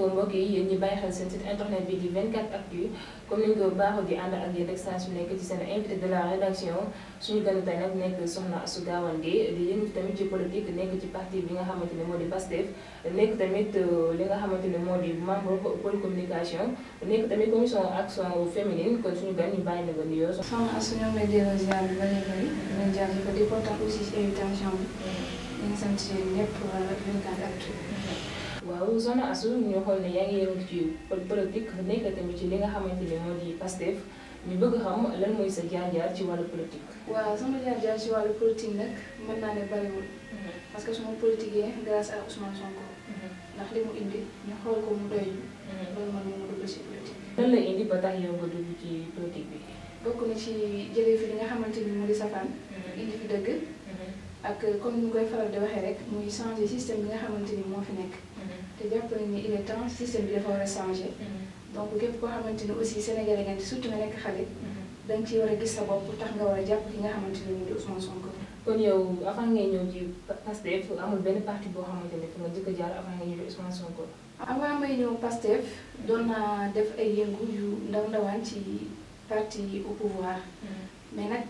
info mbokk yi yéen ñi bàyyi xel seen site internet bi di 24 actu comme niñ ko baaxoo di ànd ak yéen rek saa su nekk ci seen invité de la rédaction suñu gën tey nag nekk tamit ci politique nekk bi nga xamante ne moo di PASTEF nekk tamit euh, li nga xamante ne moo di membre pôle communication nekk tamit commission action féminine kon suñu gan ñu bàyyi na ba nuyoo. soxna Astou ñoom lay delloo ziar bi bëri bëri di leen jaajëfal di kontaan invitation bi. ñu ngi sant ñëpp 24 actu. waaw zone asu ñu xool ne yaa ngi yëngu ci politique nekk ci li nga xamante ni moo di Pastef ñu bëgg xam lan mooy sa jaar-jaar ci wàllu politique. waaw sama jaar-jaar ci wàllu politique nag mën naa ne bariwul. Mhm. parce que suma politiquee grâce à Ousmane mhm. ndax li mu indi ñu xool ko mu doy mhm. lan la indi ba tax yow nga dugg ci politique bi. bokk na ci jële fi li nga xamante ni mu di safaan. indi fi dëgg. ak comme ni ñu koy faral di waxee rek muy changer système bi nga xamante ni moo fi nekk. te jàpp nañ ni il est temps système bi dafa war mm-hmm. donc képp koo xamante ni aussi Sénégalais ngeen surtout nga xale. Mm-hmm. da nga ciy war a gis sa tax nga war a jàpp ki nga xamante ni mu di Ousmane Sonko. kon yow avant ngay ñëw ci amul benn parti boo xamante ne fi nga njëkk a jaar avant ngay ñëw Ousmane Sonko. avant may ñëw Pastef def a yëngu yu ndaw ndawaan ci parti au pouvoir. Mm-hmm. mais nag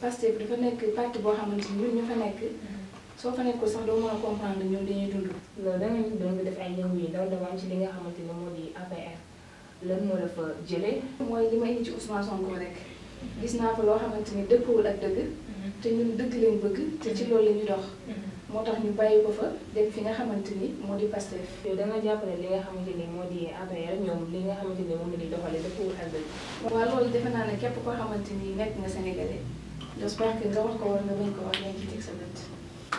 Pastef dafa nekk parti boo xamante ni ñun ñu fa nekk. soo fa nekkul sax doo mën a comprendre ñoom dañuy dund. loolu da ngeen doon def ay yëngu yi ndaw dawaan ci li nga xamante ni moo di APR lan moo la fa jëlee. mooy li ma indi ci Ousmane Sonko rek gis naa fa loo xamante ni dëppwul ak dëgg. Mhm. te ñun dëgg lañ bëgg. te ci loolu la ñu dox. Mhm. moo tax ñu bàyyi ko fa dem fi nga xamante ni moo di Pastef. yow da jàppale li nga xamante ni moo di APR ñoom li ni moom la ñuy doxalee dëppwul ak dëgg. waaw loolu defe naa ne képp koo xamante ni nekk nga Sénégalais j'espère que nga wax ko war nga bañ ko wax yaa ci teg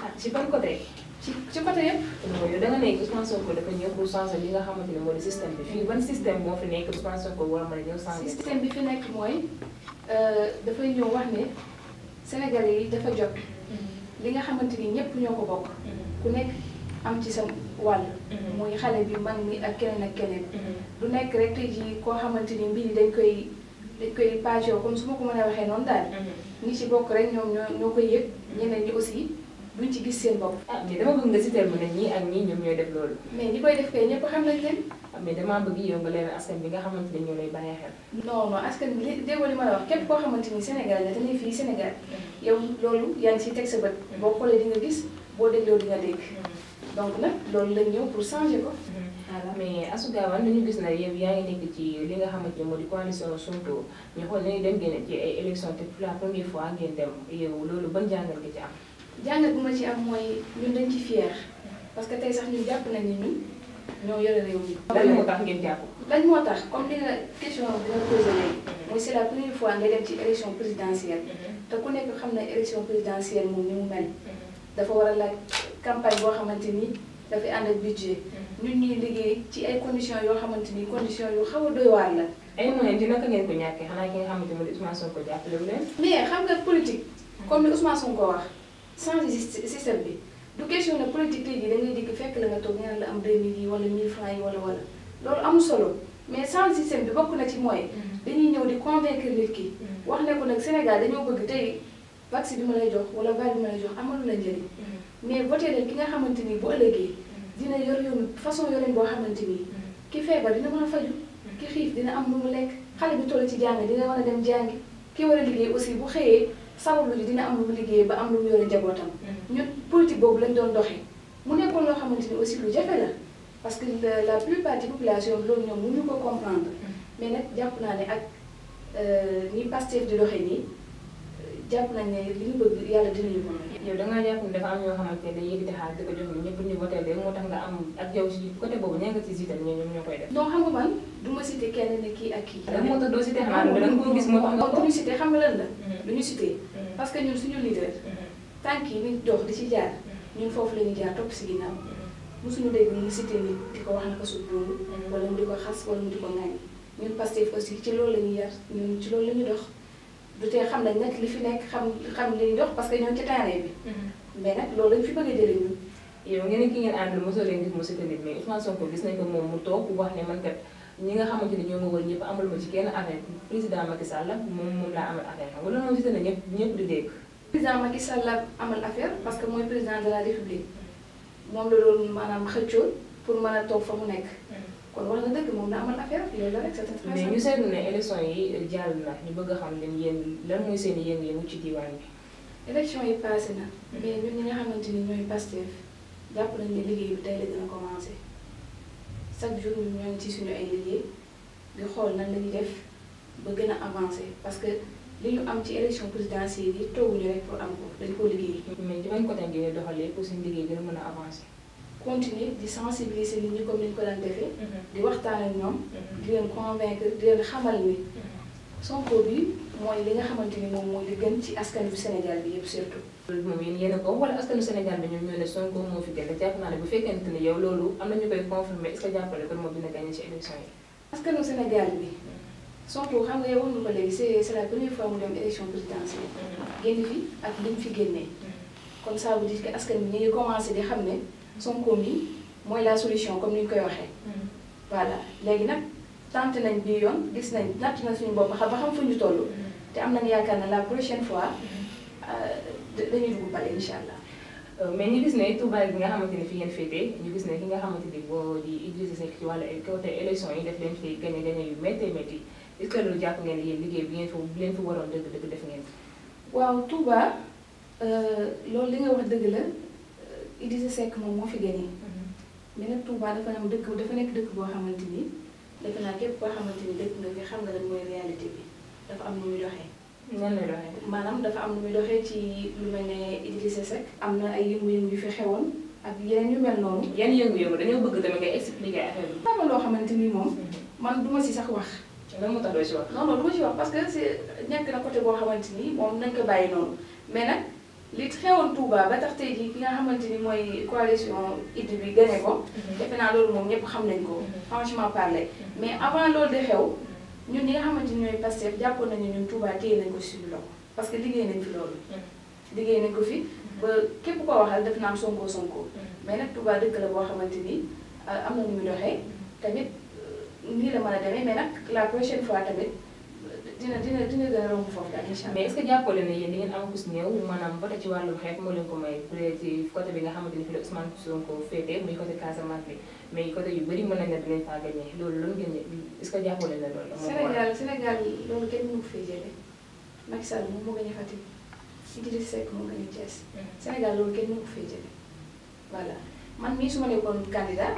ah ci ban côté ci ci côté yëpp. mooy yow da nga nekk Ousmane Sonko dafa ñëw pour changer li nga xamante ni moo di système bi fii ban système boo fi nekk Ousmane Sonko war a mën a ñëw changer. système bi fi nekk mooy dafay ñëw wax ne Sénégalais yi dafa jot. li nga xamante ni ñëpp ñoo ko bokk. ku nekk am ci sa wàll. mooy xale bi mag mi ak keneen ak keneen. du nekk rek tey ji koo xamante ni mbir yi dañ koy dañ koy page comme su ma ko mënee waxee noonu daal. ngi ci bokk rek ñoom ñoo ñoo koy yëg. ñeneen ñi aussi. ñu ci gis seen bopp. ah mais dama bëgg nga citer mu ne ñii ak ñii ñoom ñooy def loolu. mais ñi koy def kay ñëpp xam nañ leen. ah mais damaa bi nga xamante ne ñoo lay bàyyi xel. non non askan bi koo xamante ni Sénégal la fii Sénégal yow loolu yaa ngi teg sa bët. boo gis boo dégloo di nga dégg. donc nag loolu pour changer ko. voilà mais Astou Gawane dañu gis na yow yaa ngi nekk ci li nga xamante ne moo di coalition Sonko ñu xool nañu dem ngeen ci ay élection te pour la première fois ngeen dem yow loolu ban jàngal nga ci jàngat bu ma ci am mooy ñun dañ ci fier parce que tey sax nu jàpp na ni ñun ñoo yore réew mi. lan moo tax ngeen jàpp. lan moo tax comme li nga bi nga la première fois ngay dem ci élection présidentielle. Mhm. te ku nekk xam na élection présidentielle moom ni mu mel. Mhm. dafa war a laaj campagne boo xamante ni dafay ànd ak budget. Mhm. ñun ñuy liggéey ci ay conditions yoo xamante ni conditions yu xaw a doy waar la. ay moyens dina ko ngeen ko ñàkkee xanaa ki nga xamante ne Ousmane Sonko jàppale wu leen. mais xam nga politique. comme changer système bi du question ne politique tey jii da ngay dikk fekk la nga toog ñaan la am 2000 yi wala 1000 francs yi loolu am solo mais changer système bi bokku na ci mooy. Mm-hmm. dañuy ñëw ni convaincre nit ki. Mm-hmm. wax ne ko nag Sénégal dañoo bëgg tey vaccin bi ma lay jox wala vague bi ma lay jox amalu mm-hmm. mais voté leen ki nga xamante ni bu ëllëgee. dina yor yoon façon yorin boo xamante ni. ki feebar dina mën a faju ki xiif dina am lu mu lekk xale bi toll ci jàng dina mën a dem jàngi ki war a liggéey aussi bu xëyee. sabablu ji dina am lu mu liggéey ba am lu mu yore njabootam. Mm-hmm. ñun politique boobu lañ doon doxee. mu nekkoon loo xamante ne aussi lu jafe parce que la plupart des populations loolu ñoom ñu ko comprendre. Mm-hmm. mais nag jàpp naa ne ak euh, ni Pastef di doxee nii jàpp nañ ne li ñu bëgg yàlla dinañu ko mën. yow da ngaa jàpp ne dafa am ñoo xamante ne ko jox moo tax nga am ak yow ci côté boobu ña nga ci jiital ñoom ñoo koy def. donc xam nga du gis moo tax nga ko. du ñu cité xam nga lan mm-hmm. mm-hmm. parce que ñun suñu leader. Mm-hmm. tànk yi ñu dox di ci jaar ñun foofu la ñuy jaar topp si ginnaaw. mosuñu dégg mu cité nit di ko wax na ko suuf wala mu di ko xas wala mu ko ŋañ ñun Pastef aussi ci loolu la ñuy yar ñun ci loolu la ñuy dox du tee xam nañ nag li fi nekk xam xam li ñu dox parce que ñoo ci terrain bi. Mm-hmm. mais nag loolu lañ fi bëgg a jëlee ñun. yow ngeen ki ngeen àndal mosoo leen gis mosoo tamit mu toog wax ne man nga xamante ni ñoo ma wër ñëpp amal ma ci kenn affaire président Macky Sall moom moom laa amal affaire xam nga loolu moom gis na ñëpp ñëpp di dégg. président Macky Sall parce que mooy président de la république moom la doon maanaam xëccoo pour mën a toog fa mu nekk. Mm-hmm. kon wax na dëgg moom na amal affaire loolu la rek c'est mais ñu seetlu na ñu bëgg a xam leen yéen lan mooy seen yëngu-yëngu ci diwaan bi. élection yi passé na. mais ñun ñi nga xamante ni ñooy Pastef jàpp nañu ne liggéey bi tey la dina commencé chaque jour ñun ñoo ngi ci suñu ay liggéey di xool nan la ñuy def ba gën a avancé parce que li ñu am ci élection présidentielle yi tooguñu rek pour am ko dañ koo liggéey. mais ci ban côté ngeen doxalee pour suñu liggéey gën a mën a avancé. continuer di sensibiliser nit ñi comme ni ñu ko daan defee. Mhm. di waxtaan ak ñoom. Mhm. di leen convaincre di leen xamal ni. Mhm. Sonko bi mooy li nga xamante ni moom mooy li gën ci askanu Sénégal bi yëpp surtout. loolu moom yéen yéen a ko wala askanu ñoo ne Sonko moo fi gën a jàpp bu fekkente ni yow loolu am na ñu koy confirmer est-ce que jàppale ko moom dina gagné ci élection yi. askanu Sénégal bi. Sonko xam nga yow woon nga ko léegi c'est c'est la première fois dem élection présidentielle. génn fi ak li mu fi génnee. comme ça veut dire que bi xam ne. Sonko mi mooy la solution comme ni ñu koy waxee. Hmm. voilà léegi nag tenté nañ bi yoon gis nañ natt na suñu bopp xam ba xam fu ñu toll. Hmm. te am nañu yaakaar ne la prochaine fois hmm. euh, dañuy dugg pale incha allah. Euh, mais ñu gis ne Touba bi nga xamante ne fi ngeen féetee ñu gis ne ki nga xamante ni boo di Idrissa Seck ci wàllu côté élection yi def leen fi gagné gagné yu métti métti est-ce que loolu ngeen liggéey bi ngeen fa bu leen fa waroon dëgg dëgg def ngeen ko. waaw Touba euh, loolu li nga wax dëgg la Idrissa Seck moom moo fi génnee. mais nag Touba dafa am dëkk dafa nekk dëkk boo xamante ni defe naa képp koo xamante ni dëkk nga fi xam nga lan mooy réalité bi dafa am nu muy doxee. nan lay doxee. maanaam dafa am nu muy doxee ci lu mel ne Idrissa Seck. am na ay yëngu-yëngu yu fi xewoon ak yeneen yu mel noonu. yan yëngu-yëngu dañoo bëgg tamit ngay expliquer affaire bi. am na loo xamante ni moom mhm. man du ma si sax wax. lan moo tax doo si wax. non non du si wax parce que c'est nekk na boo xamante ni moom nañ ko bàyyi noonu mais nag. li xewoon Touba ba tax tey jii ki a xamante ni mooy coalition Idy bi gane ko. Mhm. defe naa loolu moom ñëpp xam nañ ko. Mhm. franchement parler mhm. mais avant loolu de xew ñun ñi nga xamante ni ñooy Pastef jàppoon nañu ñun Touba téye nañ ko suñu loxo parce que liggéey nañ fi loolu. liggéey nañ ko fi ba képp koo waxal def naan Sonko Sonko. mais nag Touba dëkk la boo xamante nii euh, am na nu muy tamit euh, nii la mën a demee mais nag la prochaine fois tamit. dina dina dina gën a romb foofu daal incha allah. mais est-ce que jàppale ne yéen di ngeen kus néew maanaam vote ci wàllu xeet moo leen ko may bu dee ci côté bi nga xamante ni fi la Ousmane Sonko féetee muy côté Casamance bi mais côté yu bëri mën nañ ne dinañ faa gagné loolu loolu ngeen est-ce que jàppale ne loolu. Sénégal Sénégal loolu kenn mënu fee jëlee Macky Sall moom moo gagné Fatick Idriss Seck moo gagné Thiès. Mhm. Sénégal loolu kenn mënu ko fee jëlee voilà man mii su ma nekkoon candidat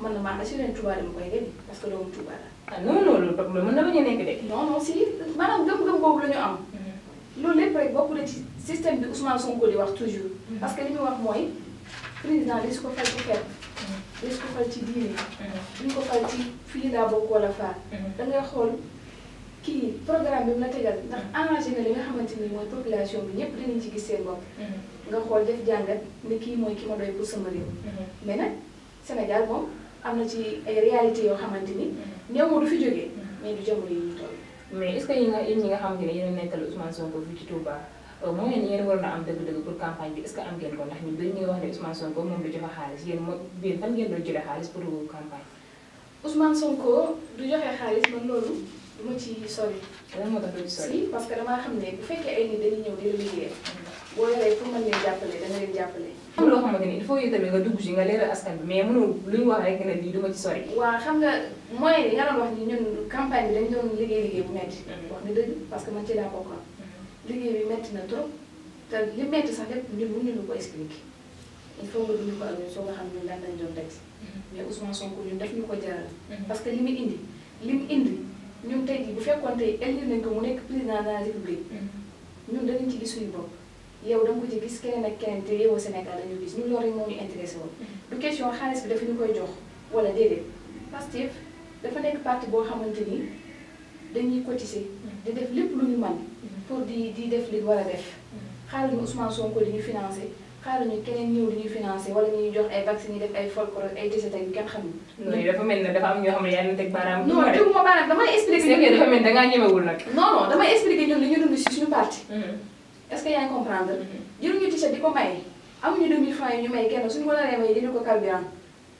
man na maa assuré Touba dama koy gagné parce que loolu Touba ah non non loolu loolu mën na bañ a nekk de. non non si maanaam gëm-gëm boobu la ñu am. Mm-hmm. loolu lépp rek bokk na ci système bi Ousmane Sonko di wax toujours. Mm-hmm. parce que li muy wax mooy président li su ko fal ci mm-hmm. li su ko fal ci diine. li ko fal ci fii laa bokk wala faa. da ngay xool kii programme bi mu la tegal ndax arrangé na li nga xamante ni mooy population bi ñëpp dinañ ci gis seen bopp. nga xool def jàngat ne kii mooy ki ma doy pour sama réew. mais nag Sénégal moom am na ci ay réalité yoo xamante ni. néew ma du fi jógee. mais du jamono yi ñu toll. mais est ce que yi nga yéen ñi nga xamante ne yéen a nekkal Ousmane Sonko fii ci Touba euh, moom la ñu yéen waroon a am dëgg-dëgg pour campagne bi est ce que am ngeen ko ndax ñun dañu ñu wax ne Ousmane Sonko moom du joxe xaalis yéen moom yéen fan ngeen doon jëlee xaalis pour campagne. Ousmane Sonko du joxe xaalis man loolu du ma ci sori. lan moo tax ci sori parce que damaa xam ne bu fekkee ay nit dañuy ñëw di liggéey boo yoree pour mën leen jàppale da nga jàppale am loo xamante ni il faut yow tamit nga dugg ci nga leeral askan bi mais mënoo lu ñu wax rek ne lii du ma ci sori. waaw xam nga moyen yi nga doon wax ni ñun campagne bi dañ doon liggéey liggéey bu parce que man ci laa bokkoon. liggéey bi metti na trop ta li metti sax lépp ñun mënuñu ko expliquer il faut nga dund ko ak ñun soo nga xam ñun lan lañ doon teg mais mm-hmm. Ousmane Sonko ñun daf ñu ko jaral. Mm-hmm. parce que li mu indi li mu indi ñun tey jii bu fekkoon tey élu nañ ko mu nekk président de la république ñun mm-hmm. danañ ci gis suñu bopp. yow da nga ko ci gis keneen ak keneen te yow Sénégal dañu gis ñun loolu rek moo ñu intéressé woon mm-hmm. du question xaalis bi dafa ñu koy jox wala déedéet Pastef dafa nekk parti boo xamante ni dañuy cotiser mm-hmm. di def lépp lu ñu man mm-hmm. pour di di def li def ñu financé xaaruñu keneen ñëw li ñuy jox ay vaccin yi ay folklore ay kenn xamul. loolu dafa mel ne dafa am ñoo xam ne yaa ngi teg baaraam. non damay expliqué. dafa li ñu dund si suñu parti. est-ce que yaa ngi comprendre mhm. jëruñu t-shirt di ko maye amuñu 2000 francs yi ñu may kenn suñu wala remay dañu ko carburant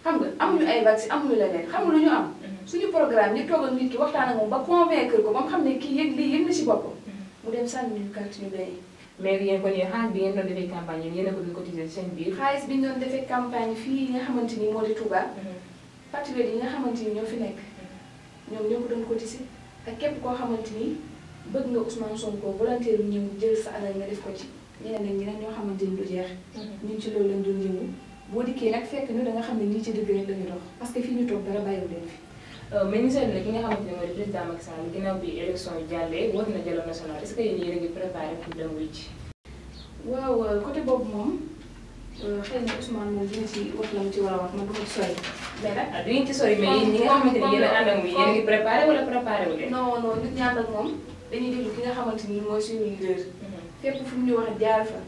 xam nga amuñu ay vaccin amuñu leneen xam nga lu ñu am mhm. suñu programme ñu toog ak nit ki waxtaan ak moom ba convaincre ko ba mu xam ne kii yëg lii yëg na si boppam mhm. mu dem sànni ñu carte ñu béy mais yéen kon yéen xaalis bi ngeen doon defee campagne yéen yéen a ko doon cotiser seen biir xaalis bi ñu doon defee campagne fii nga xamante ni moo di Touba patriote yi nga xamante ni ñoo fi nekk ñoom ñoo ko doon cotiser ak képp koo xamante ni bëgg nga Ousmane Sonko volontaire ñëw jël sa alal nga def ko ci ñeneen ak ñeneen ñoo xamante ni du jeex. Mhm. ñun ci loolu lañ doon yëngu boo dikkee nag fekk ñu da nga xam ne ñii ci dëgg rek la ñu dox parce que fii ñu toog dara euh, nga xam ne mooy président Macky Sall ginnaaw bi élection yi jàllee woote na dialogue national est-ce que yéen yéen a ngi préparé pour dem wuy ji. waaw euh, côté boobu moom euh, xëy na Ousmane moom dina ci wax la mu ci war a wax moom du ko sori. mais nag ah, du nga xamante ne yéen a ànd a ngi dañuy déglu ki nga xamante ni mooy suñu leader. Mhm. fépp fu mu ñu wax jaar fa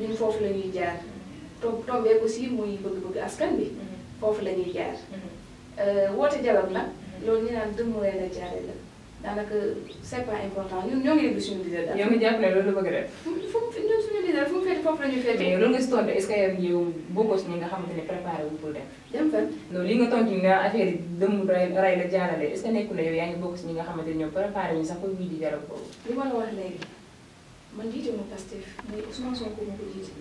ñun foofu la ñuy jaar. Mhm. toog tombee aussi muy bëgg-bëgg askan bi. Mhm. foofu la ñuy jaar. Euh, woote dialogue la. loolu ñu naan dëmm la jaare la daanaka c'est pas important ñu ñoo ngi déglu suñu leader daal. yow mi jàpp ne loolu bëgg def. foofu la ñu fekkee loolu nga si tontu est-ce que yow bokkoo si ñi nga xamante ne préparé wu pour dem. dem fan. non nga tontu ñu ne affaire yi dëmm ray ray la jaarale est-ce que nekkul ne yow yaa ngi bokk si ñi nga di jarab li ma la wax léegi man jiite ma Pastef muy Ousmane Sonko moo ko jiite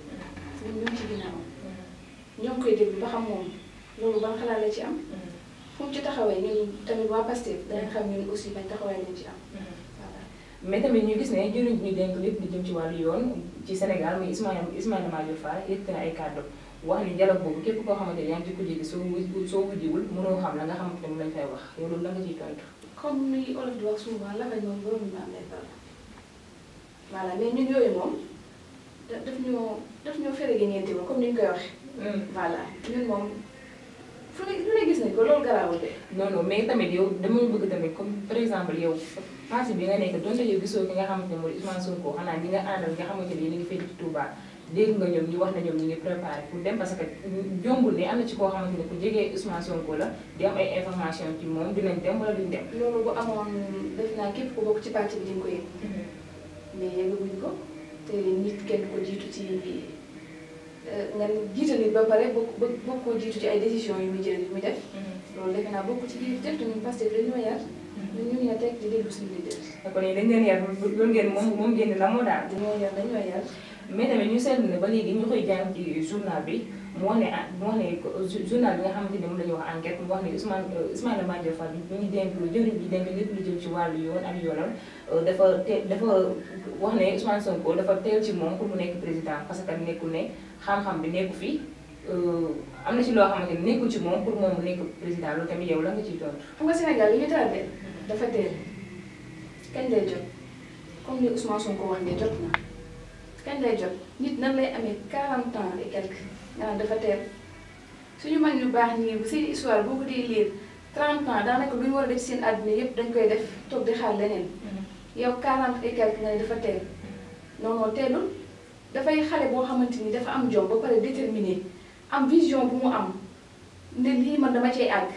ñun ñoo ngi ci ginnaaw mm-hmm. ñoo ngi koy ba xam moom loolu ban xalaat la ci am. Mm-hmm. fu mu ci taxawee ñun tamit waa Pastef mm-hmm. dañu xam ñun aussi ban taxawaay lañ ci am. mais tamit ñu gis ne jëriñ ñu dénk lépp di jëm ci wàllu yoon ci Sénégal muy Ismaïla Ismaïla Madior Fall yëkkati na ay kàddu wax ni dialogue boobu képp koo xamante ne yaa ngi ci kujje gi soo soo wujjiwul mënoo xam la nga xamante ne mu lañ fay wax loolu la nga ciy tontu. comme ni olof di wax souvent la ñoom borom ñu am lay faral voilà moom daf ñoo daf ñoo fere gi ñeenti moom comme ni ñu koy waxee. Mm. voilà ñun moom. fu ne fu ne gis nañ ko loolu garaawul de. non non mais tamit yow dama bëgg tamit comme par exemple yow. parti bi nga nekk donte yow gisoo ki nga xamante ne mooy Ousmane Sonko xanaa ñi nga àndal nga xamante ne yéen a ngi féete ci Touba dégg nga ñoom ñu wax na ñoom ñu ngi préparé pour dem parce que jombul ne am na ci koo xamante ne ku jege Ousmane Sonko di am ay information ci moom dinañ dem wala duñ dem. loolu bu amoon def naa képp ku bokk ci parti bi di nga ko yëg. Mm-hmm. ko te nit kenn ko jiitu ci euh, nga jiital nit ba pare bokk bokk koo jiitu ci ay décision yu muy jël yu muy def. Mm-hmm. loolu defe naa bokk ci biir jëf te ñun Pastef dañoo yar. ñun ñoo teg di déglu suñu leader. kon dañ leen yar loolu ngeen moom moom ngeen la moo daal. dañoo yar dañoo yar mais tamit ñu ba léegi ñu koy jàng ci journal bi moo ne moo ne journal bi nga xamante ne moom la ñuy wax enquête mu wax ne Ousmane Ousmane Mandione Fall bi ñu dénk lu jëriñ bi dénk lépp lu jëm ci wàllu yoon ak yoonam dafa te dafa wax ne Ousmane Sonko dafa teel ci moom pour mu nekk président parce que nekkul ne xam-xam bi nekku fi. am na ci loo xamante ne nekkul ci moom pour moom mu nekk la nga ciy dafa teel kañ lay jot comme ni Ousmane Sonko ko wax jot na kañ lay jot nit nan lay amee 40 ans et quelque nga naan dafa teel suñu man yu baax nii bu seen histoire boo ko dee lire 30 ans daanaka lu ñu war a def seen àdduna yëpp dañ koy def toog di xaar leneen mm-hmm. yow 40 et quelque nga ne dafa teel non non teelul dafay xale boo xamante ni dafa am jom ba pare déterminé am vision bu mu am ne yi man dama cay àgg.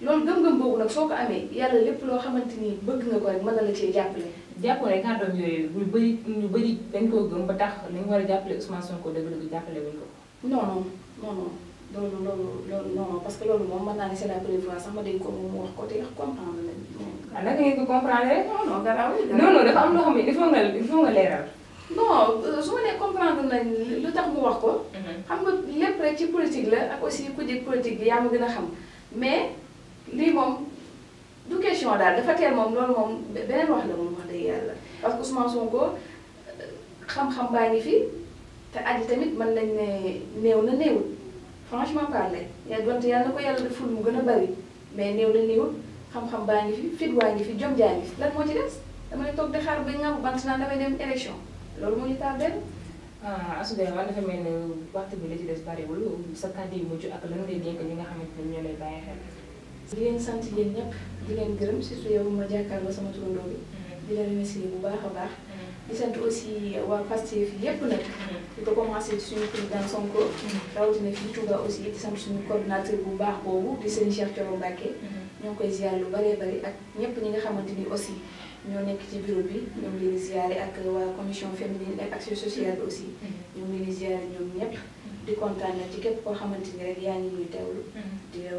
loolu gëm-gëm boobu nag soo ko amee yàlla lépp loo xamante ni bëgg nga ko rek mën na la cee jàppale. jàppale kàddoom yooyu ñu bëri ñu bëri dañ koo gëm ba tax li nga war a jàppale Ousmane ko. non non non non loolu loolu loolu non parce que loolu moom mën naa la première fois ko moom mu wax ko te wax comprendre la. ah naka am loo xam ne il faut nga il faut nga leeral. non euh, su ma nee comprendre nañ lu tax mu wax ko. Mhm. xam nga lépp rek ci politique la ak aussi ku jég politique gën a xam mais lii moom du question daal dafa teel moom loolu moom beneen wax la moom wax dëgg yàlla parce que Ousmane Sonko euh, xam-xam baa ngi fi te aji tamit mën nañ ne néew na néewul franchement parler yaa donte yàlla na ko yàlla deful mu gën a bari mais néew na néewul xam-xam baa ngi fi fit waa ngi fi jom jaa lan moo ci des dama ne toog di xaar ba ñaaw bant naa damay dem élection loolu moo ñu tardeel ah asudee man dafa mel ne waxtu bi la ci des bariwul sa kàddu yu mujj ak lan ngay dénk ñi nga xamante li leen sant yéen ñëpp di leen gërëm surtout yow ma jàkkaarloo sama turandoo bi mm-hmm. di la remercier bu baax a baax mm-hmm. di sant aussi waa Pastef yépp nag mm-hmm. di ko commencé ci suñu président Sonko rawatina fii Touba aussi di sant suñu coordinateur bu baax boobu di sëñ Cheikh Thioro Mbacké ñoo ngi koy ziar lu bëree bëri ak ñëpp ñi nga xamante ni aussi ñoo nekk ci bureau bi ñoom leen ziare ak waa commission féminine ak action sociale bi aussi ñoom leen ziare ñoom ñëpp di kontaan na képp koo xamante ni yaa ngi ñuy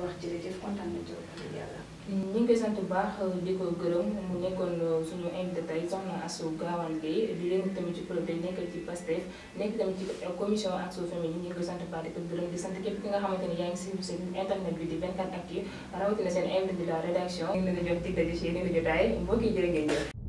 koy sant bu baax di ko gërëm mu nekkoon uh, suñu invité tey soxna Astou Gawane Gueye di leen tamit ci projet nekk ci Pastef nekk tamit ci commission action féminine ñu ko sant baax di ko gërëm di sant képp ki nga xamante ni yaa ngi suñu seen internet bi di 24 actu rawatina seen invité de la rédaction. ñu ngi leen jotaay mbokk yi jërë ngeen jëf.